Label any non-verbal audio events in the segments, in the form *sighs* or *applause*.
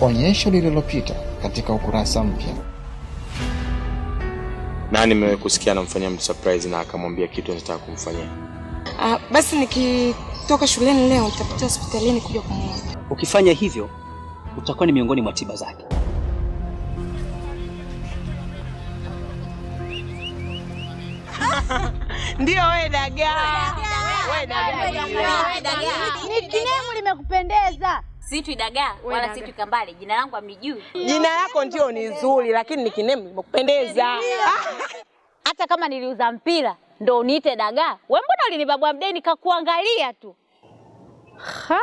Onyesho lililopita katika ukurasa mpya. Nani nimewahi kusikia anamfanyia mtu surprise na akamwambia kitu anataka kumfanyia? Ah, basi nikitoka shuleni leo nitapita hospitalini kuja kumwona. Ukifanya hivyo utakuwa ni miongoni mwa tiba zake. *laughs* Ndio wewe dagaa. Wewe dagaa. kinemu limekupendeza. Siitwi dagaa wala siitwi kambale, jina langu amnijui. Jina yako ndio ni nzuri, lakini ni kinemu ah! Hata kama niliuza mpira ndo uniite dagaa? We mbona ulinibabwa mdeni kakuangalia tu ha?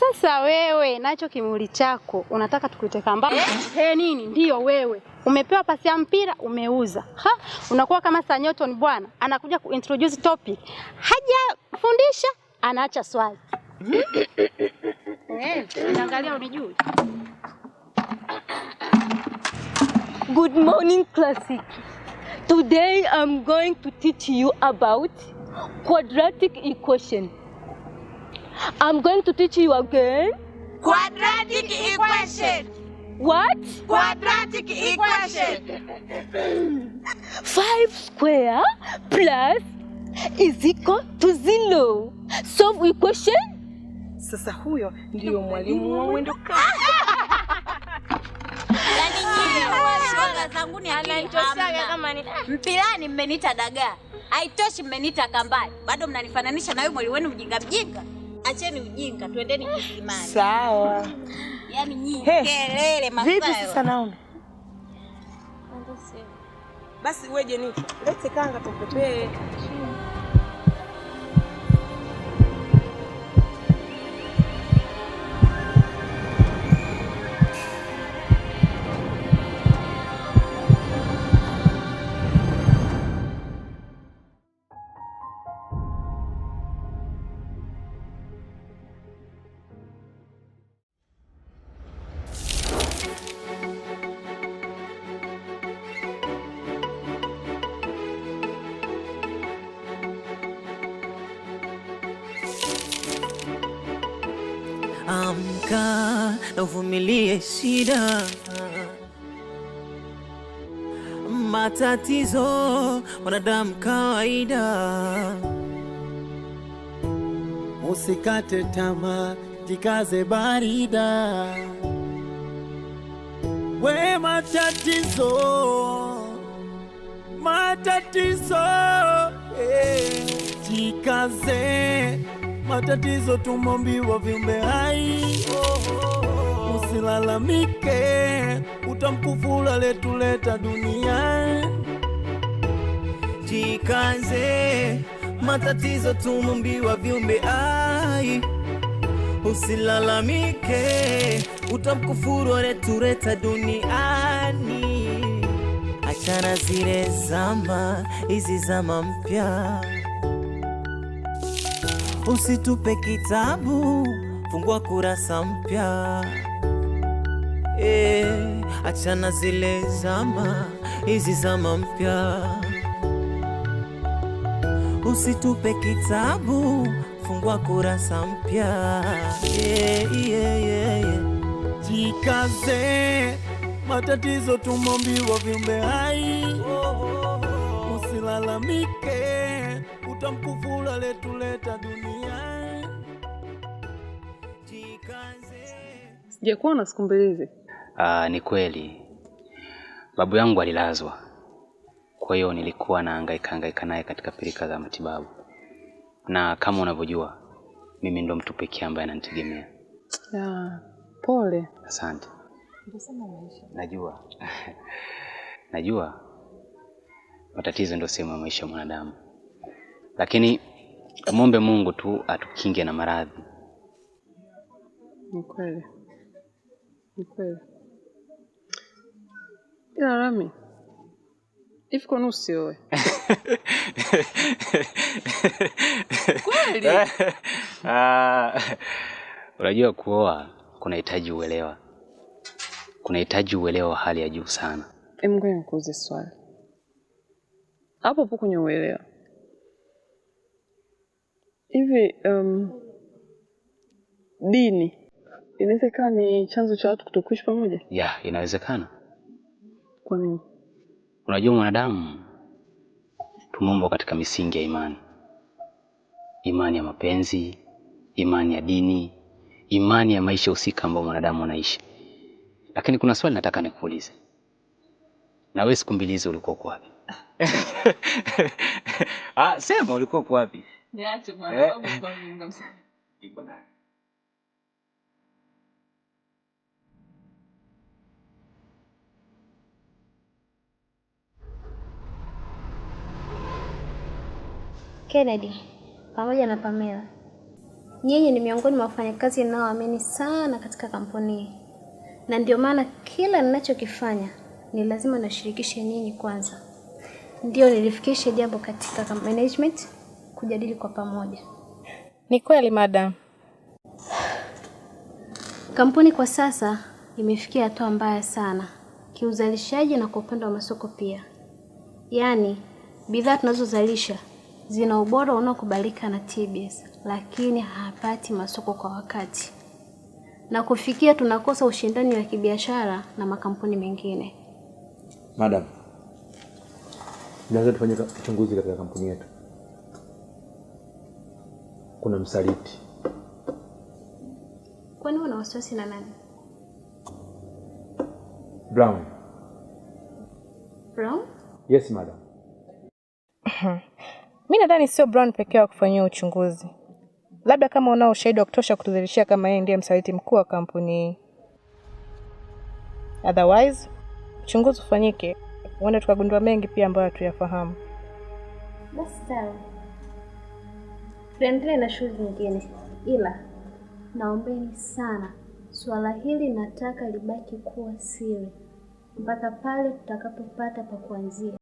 Sasa wewe nacho kimuli chako unataka tukuite kambale eh? hey, nini? Ndiyo wewe umepewa pasi ya mpira umeuza, ha? Unakuwa kama Sir Newton bwana, anakuja kuintroduce topic hajafundisha, anaacha swali unijui. Good morning classic. Today I'm going to teach you about quadratic equation. I'm going to teach you again. Quadratic equation. What? Quadratic equation. 5 square plus is equal to zero Solve equation sasa huyo ndiyo mwalimu wa mwendo kasi. nyinyi shoga zangu ni akili Mpilani mmenita dagaa, haitoshi mmenita kambali, bado mnanifananisha na huyo mwalimu wenu mjinga mjinga. Acheni ujinga, twendeni kisimani. Sawa. Yaani nyinyi kelele masaya. Vipi sasa naona Basi weje Jenita, lete kanga tupepee. shida, matatizo, wanadamu kawaida. Usikate tamaa, jikaze barida, we matatizo, matatizo, hey, eh, jikaze matatizo, tumombiwa viumbe hai oh, oh usilalamike, utamkufula letuleta dunia. Jikaze, matatizo tumumbiwa viumbe ai, usilalamike, utamkufuru letuleta duniani. Achana zile zama, hizi zama mpya, usitupe kitabu, fungua kurasa mpya eh, achana zile zama, hizi zama mpya. Usitupe kitabu, fungua kurasa mpya. yeah, yeah, yeah, yeah. Jikaze, matatizo tumombiwa viumbe hai, usilalamike, utamkufula letuleta dunia. Jikaze, sijakuwa na siku Aa, ah, ni kweli babu yangu alilazwa, kwa hiyo nilikuwa nahangaika hangaika naye katika pilika za matibabu, na kama unavyojua mimi ndo mtu pekee ambaye ananitegemea. pole. Asante. Najua *laughs* najua matatizo ndio sehemu ya maisha ya mwanadamu, lakini mwombe Mungu tu atukinge na maradhi. Ni kweli, ni kweli. Ila Rami, hivi kwani usioe kweli? *laughs* Ah, unajua, kuoa kunahitaji uelewa, kunahitaji uelewa wa hali ya juu sana. Ngoja nikuuze swali hapo hapo kwenye uelewa hivi, um, dini inaweza ni chanzo cha watu kutokuishi pamoja? Yeah, inawezekana kwa nini? Unajua mwanadamu tumeumbwa katika misingi ya imani, imani ya mapenzi, imani ya dini, imani ya maisha husika ambayo mwanadamu anaishi. Lakini kuna swali nataka nikuulize, na wewe siku mbili hizo ulikuwa wapi? *laughs* Ah, sema ulikuwa wapi? Niache mwanadamu eh. kwa Mungu. Kennedy pamoja na Pamela. Nyinyi ni miongoni mwa wafanyakazi ninaoamini sana katika kampuni hii, na ndio maana kila ninachokifanya ni lazima nashirikishe nyinyi kwanza, ndio nilifikishe jambo katika management kujadili kwa pamoja. Ni kweli madam, kampuni kwa sasa imefikia hatua mbaya sana kiuzalishaji na kwa upande wa masoko pia, yaani bidhaa tunazozalisha zina ubora unaokubalika na TBS, lakini hapati masoko kwa wakati, na kufikia tunakosa ushindani wa kibiashara na makampuni mengine. Madam, naweza tufanye uchunguzi katika kampuni yetu. Kuna msaliti. Kwani una wasiwasi na nani? Brown. Brown? Yes, madam. *laughs* Mi nadhani sio Brown pekee wa kufanyia uchunguzi, labda kama unao ushahidi wa kutosha kutudhirishia kama yeye ndiye msaliti mkuu wa kampuni hii. Otherwise uchunguzi ufanyike, uende tukagundua mengi pia ambayo hatuyafahamu. Basi sawa, na shughuli nyingine, ila naombeni sana suala hili nataka libaki kuwa siri mpaka pale tutakapopata pa kuanzia.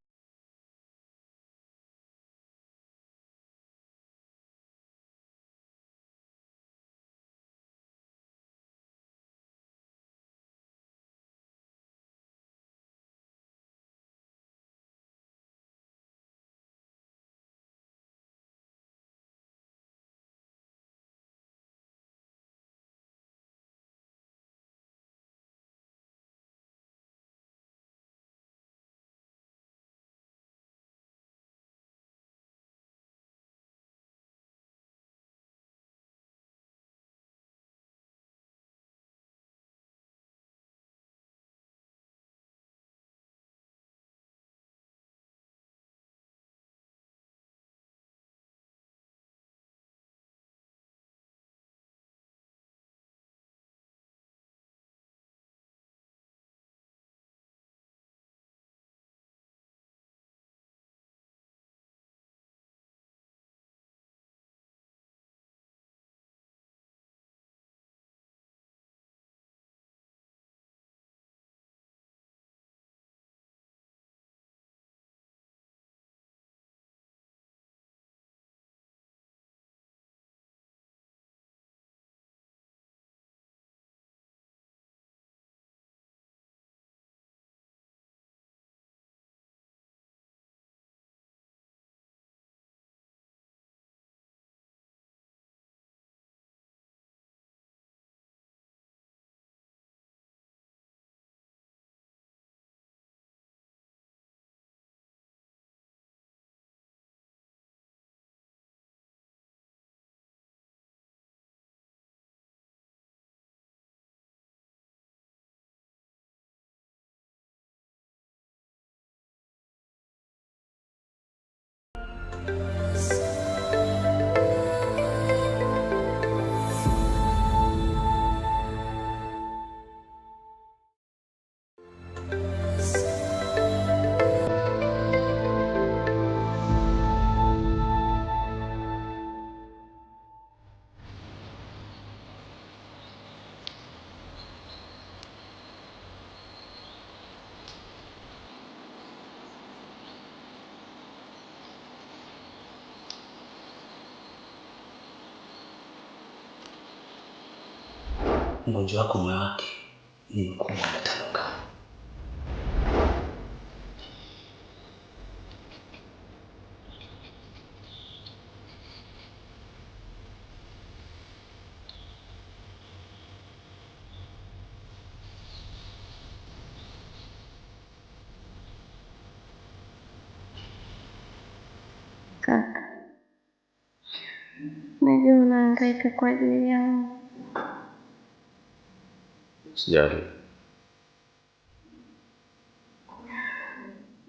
mgonjwa wako moyo wake ni mkubwa umetanuka. Kaka, najua unahangaika kwa ajili yangu. Usijali.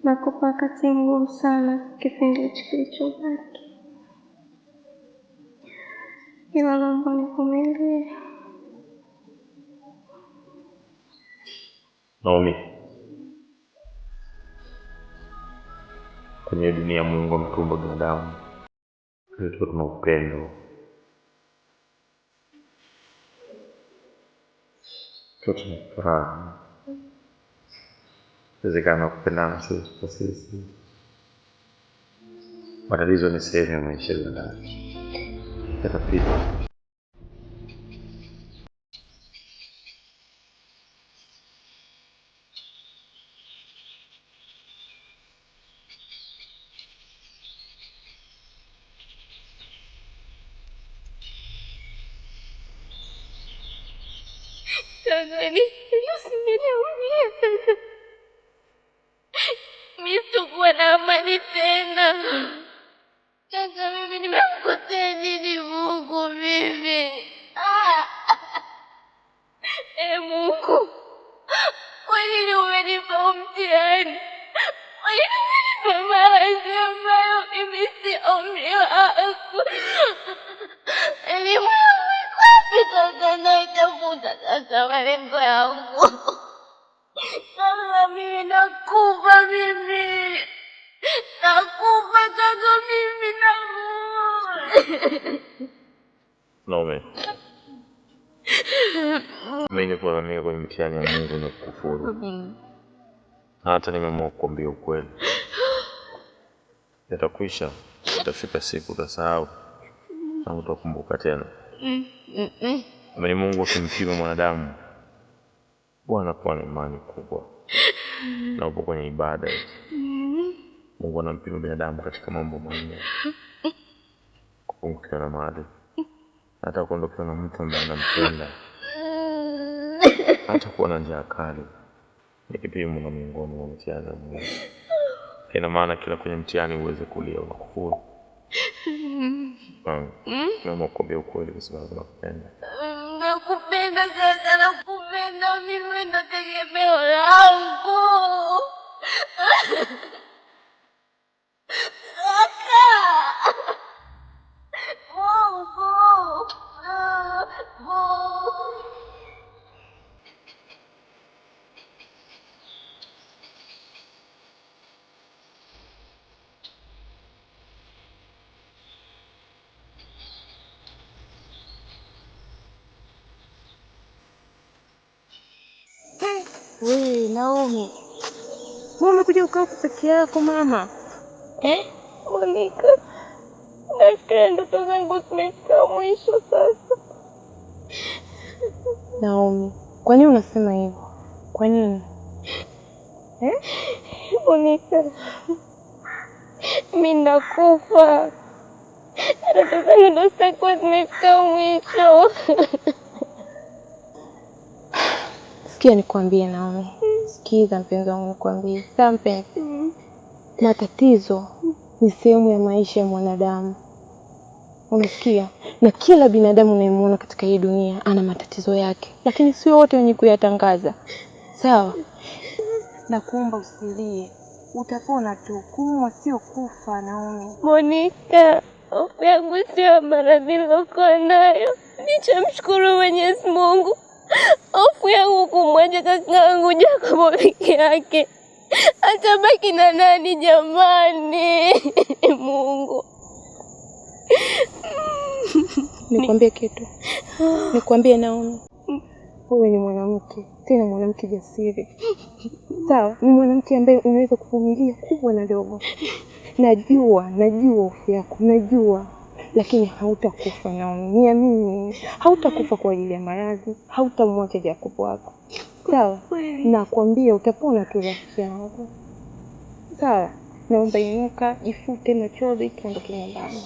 Nakupa wakati mgumu sana kipindi hichi kilichobaki, ila naomba nivumilie. Naomi, kwenye dunia Mungu ametuumba binadamu, tuwe tuna upendo αυτό το πράγμα. Δεν σε κάνω πενά να σε προσπαθήσει. Μαραλίζω νησέρι να είχε λεγάρι. Θα πείτε. жили, ее смирил мир. Мисс Угуэна Мавитена. Мисс Угуэна Мавитена. Naume mimi kuamini kwenye mtihani ya Mungu ni kufuru na hata nimeamua kukuambia ukweli. Yatakwisha, itafika siku utasahau na utakumbuka tena. Mimi Mungu akimpima mwanadamu huwa anakuwa na imani kubwa, na upo kwenye ibada. Mungu anampima binadamu katika mambo manne ukiona mahali hata kuondokewa na mtu ambaye anampenda, *laughs* hata kuona na njaa kali ni kipimo na miongoni mwa mtihani wa Mungu. Ina maana kila kwenye mtihani uweze kulia unakufuru hmm? Naomba kuambia ukweli kwa sababu nakupenda. Nakupenda sana, nakupenda. Mimi ndo tegemeo langu. *laughs* umekaa peke yako mama eh? Monica, nafikiri ndoto zangu zimefika mwisho sasa. Naomi, kwa nini unasema hivyo? Kwa nini eh? Monica, mimi nakufa, ndoto zangu ndo zitakuwa zimefika mwisho. Sikia nikwambie Naomi kujiambukiza mpenzi wangu nikwambie. Sasa mpenzi, matatizo ni sehemu ya maisha ya mwanadamu, unasikia? Na kila binadamu unayemwona katika hii dunia ana matatizo yake, lakini sio wote wenye kuyatangaza, sawa? Nakuomba usilie, utapona tu. Kuumwa sio kufa. Naomi, Monica, yangu sio maradhi nayo, nichamshukuru Mwenyezi Mungu. Hofu yangu kumwacha kaka yangu Jacobo peke yake, atabaki na nani jamani? *laughs* Mungu, nikwambie kitu, nikwambie Naomi, wewe ni mwanamke tena mwanamke jasiri, sawa? Ni mwanamke ambaye unaweza kuvumilia kubwa na dogo. Najua, najua hofu yako, najua lakini hautakufa. mimi, hautakufa kwa ajili ya maradhi, hautamwacha Jacob wako. Sawa, nakwambia utapona tu rafiki yangu. Sawa, naomba inuka, jifute machozi, tuondoke nyumbani.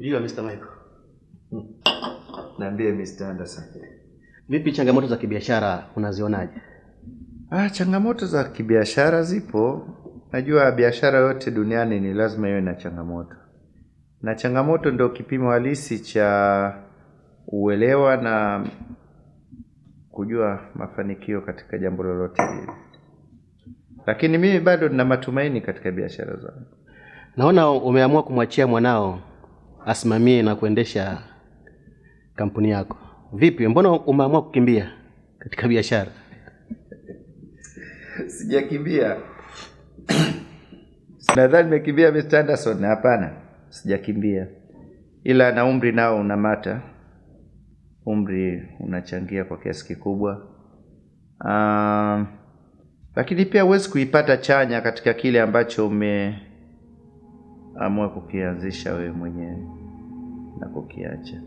Unajua Mr. Michael. Hmm. Mr. Anderson. Vipi changamoto za kibiashara unazionaje? Ah, changamoto za kibiashara zipo. Najua biashara yote duniani ni lazima iwe na changamoto, na changamoto ndio kipimo halisi cha uelewa na kujua mafanikio katika jambo lolote lile. Lakini mimi bado nina matumaini katika biashara zangu. Naona umeamua kumwachia mwanao asimamie na kuendesha kampuni yako. Vipi, mbona umeamua kukimbia katika biashara? Sijakimbia. *clears throat* Nadhani nimekimbia Mr. Anderson. Hapana, sijakimbia, ila na umri nao unamata, umri unachangia kwa kiasi kikubwa. Uh, lakini pia huwezi kuipata chanya katika kile ambacho ume amua kukianzisha wewe mwenyewe na kukiacha.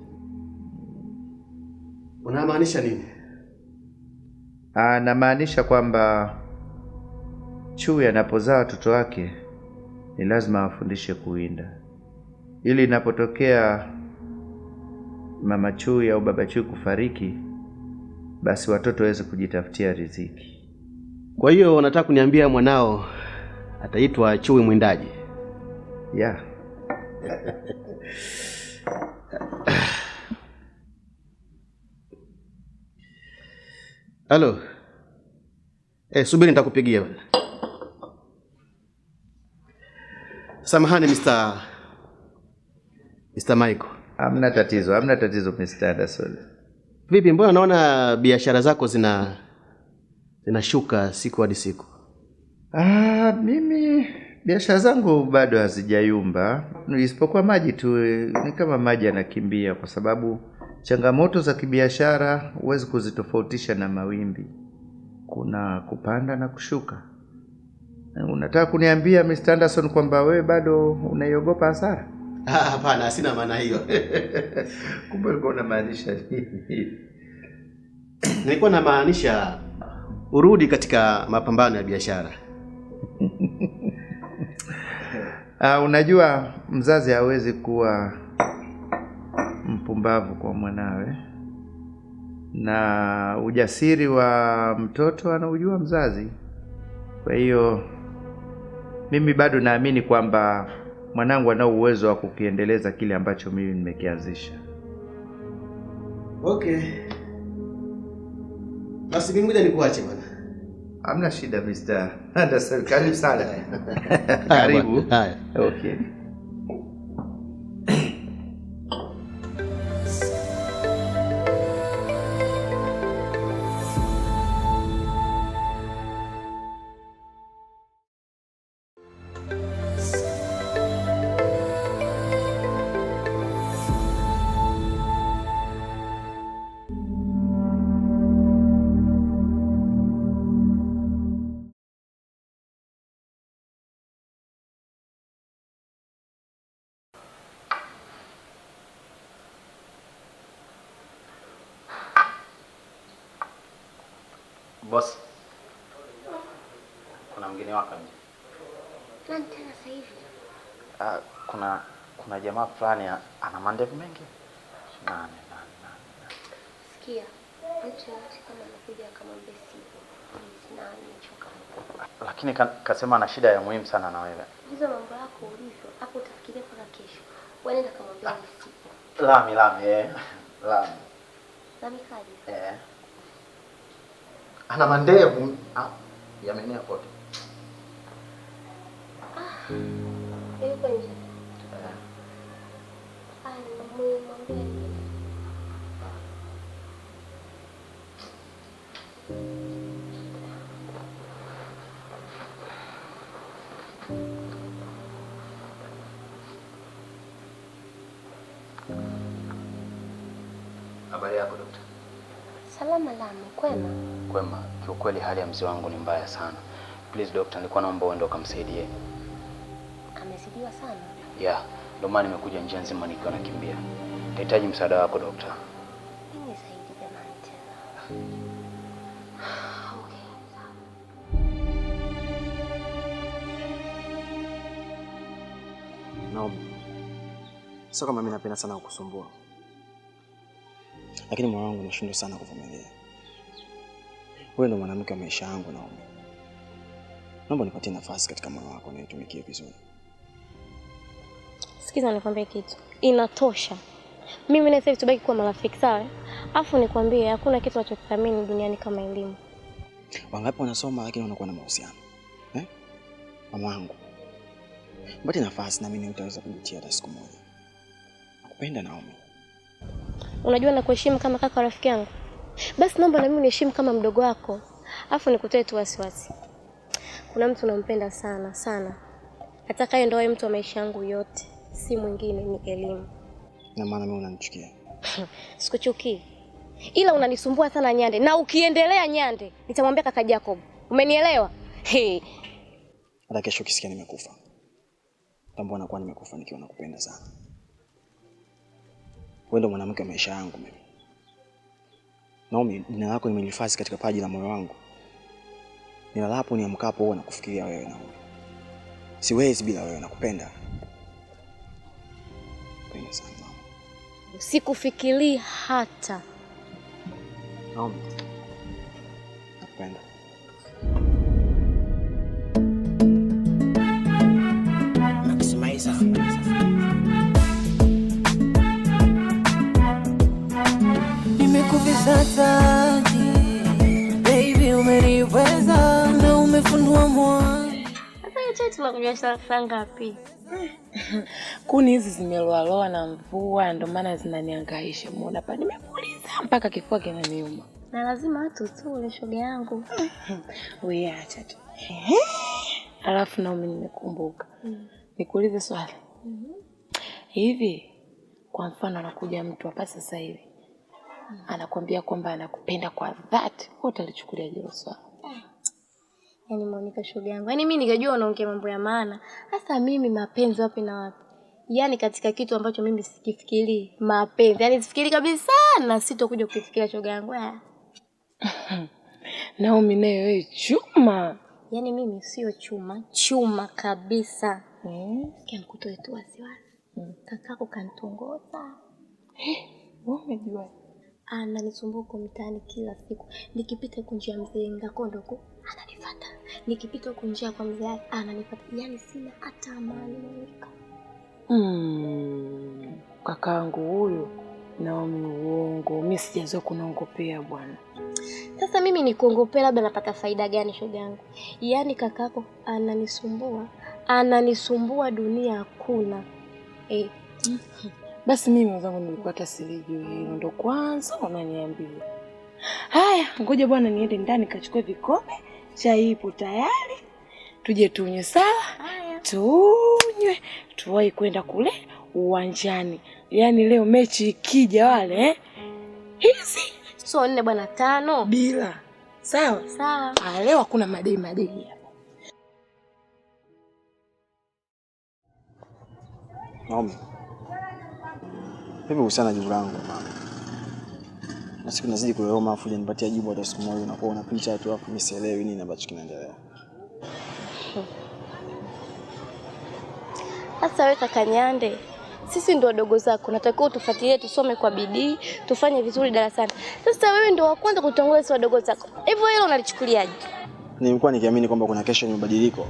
Unamaanisha nini? Ah, namaanisha kwamba chui anapozaa watoto wake ni lazima awafundishe kuwinda, ili inapotokea mama chui au baba chui kufariki, basi watoto waweze kujitafutia riziki. Kwa hiyo unataka kuniambia mwanao ataitwa chui mwindaji? Yeah. Halo. Eh, subiri nitakupigia bwana. Samahani Mr. Mr. Michael. Hamna tatizo, hamna tatizo Mr. Anderson. Vipi, mbona naona biashara zako zina zinashuka siku hadi siku? Ah, mimi biashara zangu bado hazijayumba, isipokuwa maji tu, ni kama maji yanakimbia, kwa sababu changamoto za kibiashara huwezi kuzitofautisha na mawimbi, kuna kupanda na kushuka. Unataka kuniambia m Anderson kwamba wewe bado unaiogopa hasara? Ah, hapana, sina maana hiyo. *laughs* Kumbe ulikuwa unamaanisha Nilikuwa namaanisha urudi katika mapambano ya biashara. Uh, unajua mzazi hawezi kuwa mpumbavu kwa mwanawe, na ujasiri wa mtoto anaujua mzazi. Kwa hiyo mimi bado naamini kwamba mwanangu anao uwezo wa kukiendeleza kile ambacho mimi nimekianzisha. Okay, basi mimi ngoja nikuache bwana. I'm not sure that Mr. Anderson Karib salah. Karibu. Okay. Boss. kuna mgeni wako nje. Nani tena sasa hivi? Ah, kuna kuna jamaa fulani ana mandevu mengi. Nani nani Lakini kasema ana shida ya muhimu sana na wewe. Hizo mambo yako ulivyo, hapo utafikiria mpaka kesho. Wewe nenda kamwambia ah, sivyo. Lami lami eh. *laughs* Lami. Lami kaje? Eh ana mandevu ah, yamenea kote ah, eh. ah, Habari yako dokta? Salama Lami, kwema? kwema. kiukweli hali ya mzee wangu ni mbaya sana. Please doctor, nilikuwa naomba uende ukamsaidie. Amezidiwa sana? Yeah, ndio maana nimekuja njia nzima nikiwa nakimbia. Nahitaji msaada wako doctor. *sighs* sio kama mimi napenda sana kukusumbua, lakini moyo wangu unashindwa sana kuvumilia. Wewe ndo mwanamke wa maisha yangu Naomi, naomba nipatie nafasi katika moyo wako niitumikie vizuri. Sikiza nikwambie kitu, inatosha. Mimi na sasa tubaki kuwa marafiki sawa? Afu nikwambie hakuna kitu nachokithamini duniani kama elimu. Wangapi wanasoma lakini wanakuwa na mahusiano eh? Mamangu, mbati nafasi na mimi utaweza kujutia hata siku moja. Nakupenda Naomi. Unajua nakuheshimu kama kaka rafiki yangu. Basi naomba na mimi uniheshimu kama mdogo wako, alafu nikutoe tu wasiwasi. Kuna mtu nampenda sana sana, atakaye ndoa mtu wa maisha yangu yote, si mwingine ni elimu. Na maana mimi unanichukia? *laughs* Sikuchukii, ila unanisumbua sana Nyande, na ukiendelea Nyande nitamwambia kaka Jacob, umenielewa? Hata kesho ukisikia nimekufa tambua nakuwa nimekufa nikiwa nakupenda sana. Wewe ndo mwanamke wa maisha yangu mimi. Naomi, jina lako nimelihifadhi katika paji la moyo wangu, nilalapo niamkapo huwa nakufikiria wewe. Naomi, siwezi bila wewe, nakupenda sana. Usikufikirii hata Naomi, nakupenda. baby, umeniweza na umefunua ngapi? Kuni hizi zimeloaloa na mvua, ndio maana zinaniangaisha muda hapa. Nimepuliza mpaka kifua kinaniuma na lazima watu tule, shoga yangu *laughs* tu. Alafu nimekumbuka mm. Nikuulize swali mm-hmm. hivi Kwa mfano anakuja mtu hapa sasa hivi anakwambia kwamba anakupenda kwa dhati, wewe utalichukulia hilo swala? Eh, yani Monica, shoga yangu, yani mimi nikajua unaongea mambo ya maana. Sasa mimi mapenzi wapi na wapi? yani katika kitu ambacho mimi sikifikiri mapenzi, yani sifikiri kabisa, na sitokuja kukifikiria shoga yangu. Eh. *laughs* Naomi, naye wewe chuma, yaani mimi sio chuma, chuma kabisa. Mm. mkuto wetu wasiwasi. Mm. Kakako Hey, eh, wewe umejua ananisumbua huko mtaani kila siku. Nikipita huko njia mzee Ngakondo huko ananifuata, nikipita huko njia kwa mzee yake ananifuata, yaani sina hata amani Monica. Mm, kakaangu huyu Naomi uongo, mi sijazoea kunaongopea bwana. Sasa mimi nikuongopea, labda napata faida gani shoga yangu? Yaani kakako ananisumbua, ananisumbua dunia hakuna eh. Mhm. Basi mimi mwenzangu nilikuwa hata silijui hilo, ndo kwanza unaniambia haya. Ngoja bwana niende ndani kachukue vikombe, chai ipo tayari, tuje tunywe. Sawa, tunywe, tuwahi kwenda kule uwanjani. Yaani leo mechi ikija, wale eh, hizi so nne bwana, tano bila. Sawa sawa, ah, leo hakuna madei madei hapa. Naam. Vipi kuhusiana na jibu langu mama? Na siku nazidi kuleoma afu nipatia jibu hata siku moja, unakuwa unapicha tu afu misielewi nini ambacho kinaendelea. Sasa wewe kaka Nyande, sisi ndo wadogo zako, natakiwa utufuatilie, tusome kwa bidii, tufanye vizuri darasani. Sasa wewe ndo wa kwanza kutangulia, sisi wadogo zako, hivyo hilo unalichukuliaje? Nilikuwa nikiamini kwamba kuna kesho yenye mabadiliko,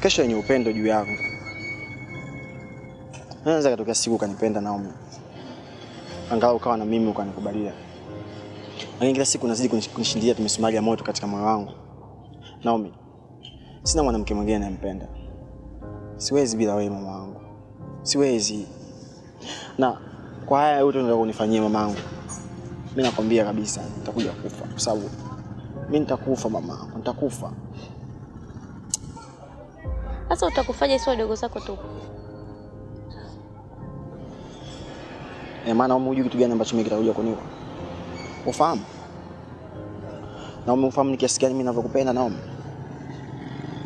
kesho yenye upendo juu yangu Naweza katokea siku ukanipenda Naomi, angalau ukawa na mimi ukanikubalia, lakini kila siku unazidi kunishindia tumisumari ya moto katika moyo wangu. Naomi, sina mwanamke mwingine nayempenda siwezi bila wewe mama wangu, siwezi. Na kwa haya yote unataka kunifanyia mama wangu, mimi nakwambia kabisa nitakuja kufa, kwa sababu mimi nitakufa mama, nitakufa. Sasa utakufaje? sio dogo zako tu eh, maana wewe unajua kitu gani ambacho mimi kitakuja kuniua. Ufahamu? Na umefahamu ni kiasi gani mimi ninavyokupenda na Naomi.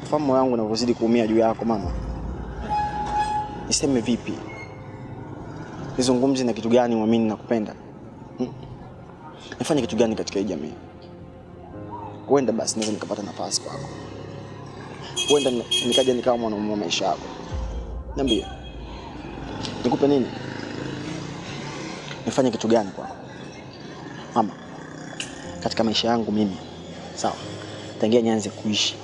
Ufahamu moyo wangu unavyozidi kuumia juu yako mama. Niseme vipi? Nizungumze na kitu gani uamini nakupenda? Hmm? Nifanye kitu gani katika hii jamii? Huenda basi naweza nikapata nafasi kwako. Huenda nikaja nikawa mwanaume wa maisha yako. Niambie. Nikupe nini? nifanye kitu gani kwako mama, katika maisha yangu mimi? Sawa, tangia nianze kuishi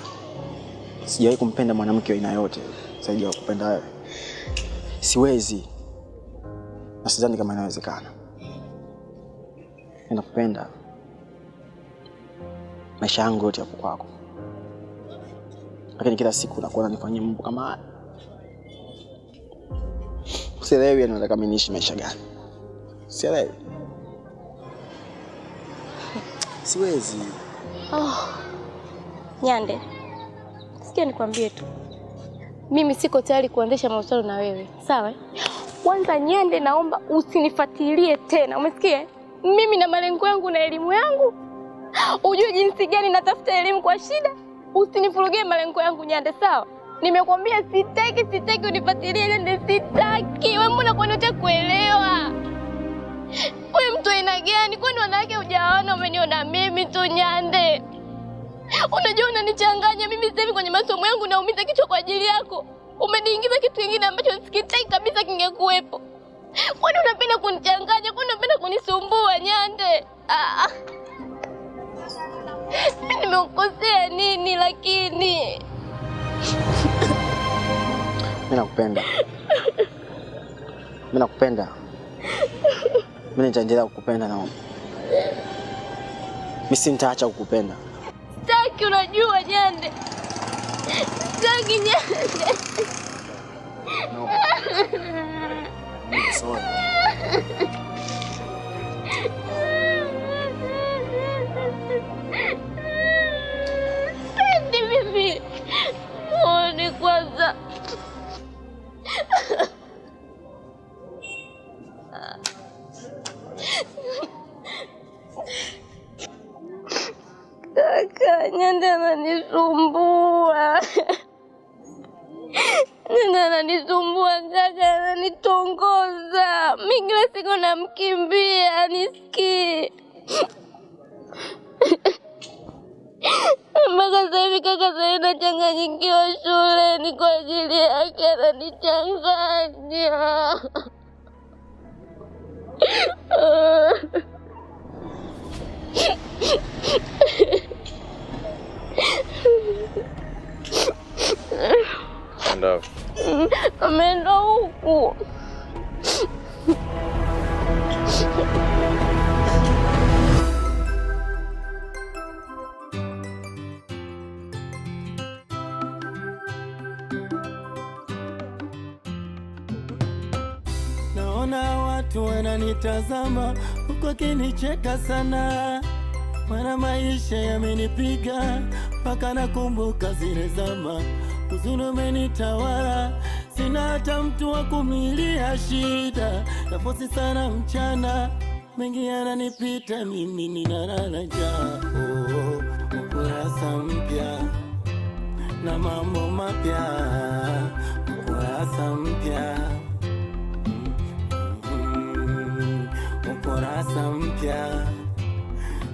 sijawahi kumpenda mwanamke wa aina yote zaidi ya kupenda wewe. Siwezi na sidhani kama inawezekana. Ninakupenda, maisha yangu yote yapo kwako, lakini kila siku nakuona nifanyie mambo kama haya. Sielewi anataka mimi niishi maisha gani? Sielewi. Siwezi. Oh. Nyande, sikia nikwambie tu, mimi siko tayari kuendesha mahusiano na wewe, sawa? Kwanza Nyande, naomba usinifuatilie tena, umesikia? Mimi na malengo yangu na elimu yangu, ujue jinsi gani natafuta elimu kwa shida. Usinivurugie malengo yangu Nyande, sawa? Nimekwambia sitaki, sitaki unifuatilie Nyande, sitaki. Wewe mbona kwani kuelewa? We mtu aina gani? Kwani wanawake hujawaona? Umeniona mimi tu Nyande? Unajua unanichanganya mimi sasa hivi kwenye masomo yangu, naumiza kichwa kwa ajili yako. Umeniingiza kitu kingine ambacho sikitaki kabisa kingekuwepo. Kwani unapenda kunichanganya? Kwani unapenda kunisumbua Nyande? Ah. Nimekukosea nini? Lakini mimi nakupenda, mimi nakupenda mimi nitaendelea kukupenda na wewe. Mimi si nitaacha kukupenda. Sitaki, unajua nyende. Sitaki nyende. No. Sorry. Sitaki mimi. Muone kwanza. Ng'ombe ananisumbua ng'ombe ananisumbua kaka, ananitongoza mi, kila siku namkimbia anisikii mpaka sasa hivi kaka, sai nachanganyikiwa ni kwa ajili yake, ananichanganya ameenda huku. Naona watu wananitazama huko kinicheka sana mara maisha yamenipiga mpaka nakumbuka zile zama, huzuni umenitawala, sina hata mtu wa kumilia shida, nafosi sana mchana, mengi yananipita, mimi ninalala njaa. Oh, ukurasa mpya na mambo mapya, ukurasa mpya, ukurasa mpya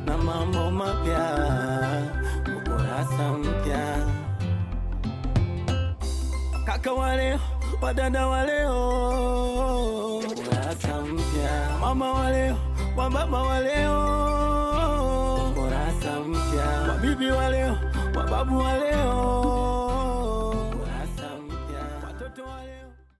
na mambo mapya, ukurasa mpya. Kaka wa leo, wadada wa leo, ukurasa mpya. Mama wa leo, wababa wa leo, ukurasa mpya. Wabibi wa leo, wababu wa leo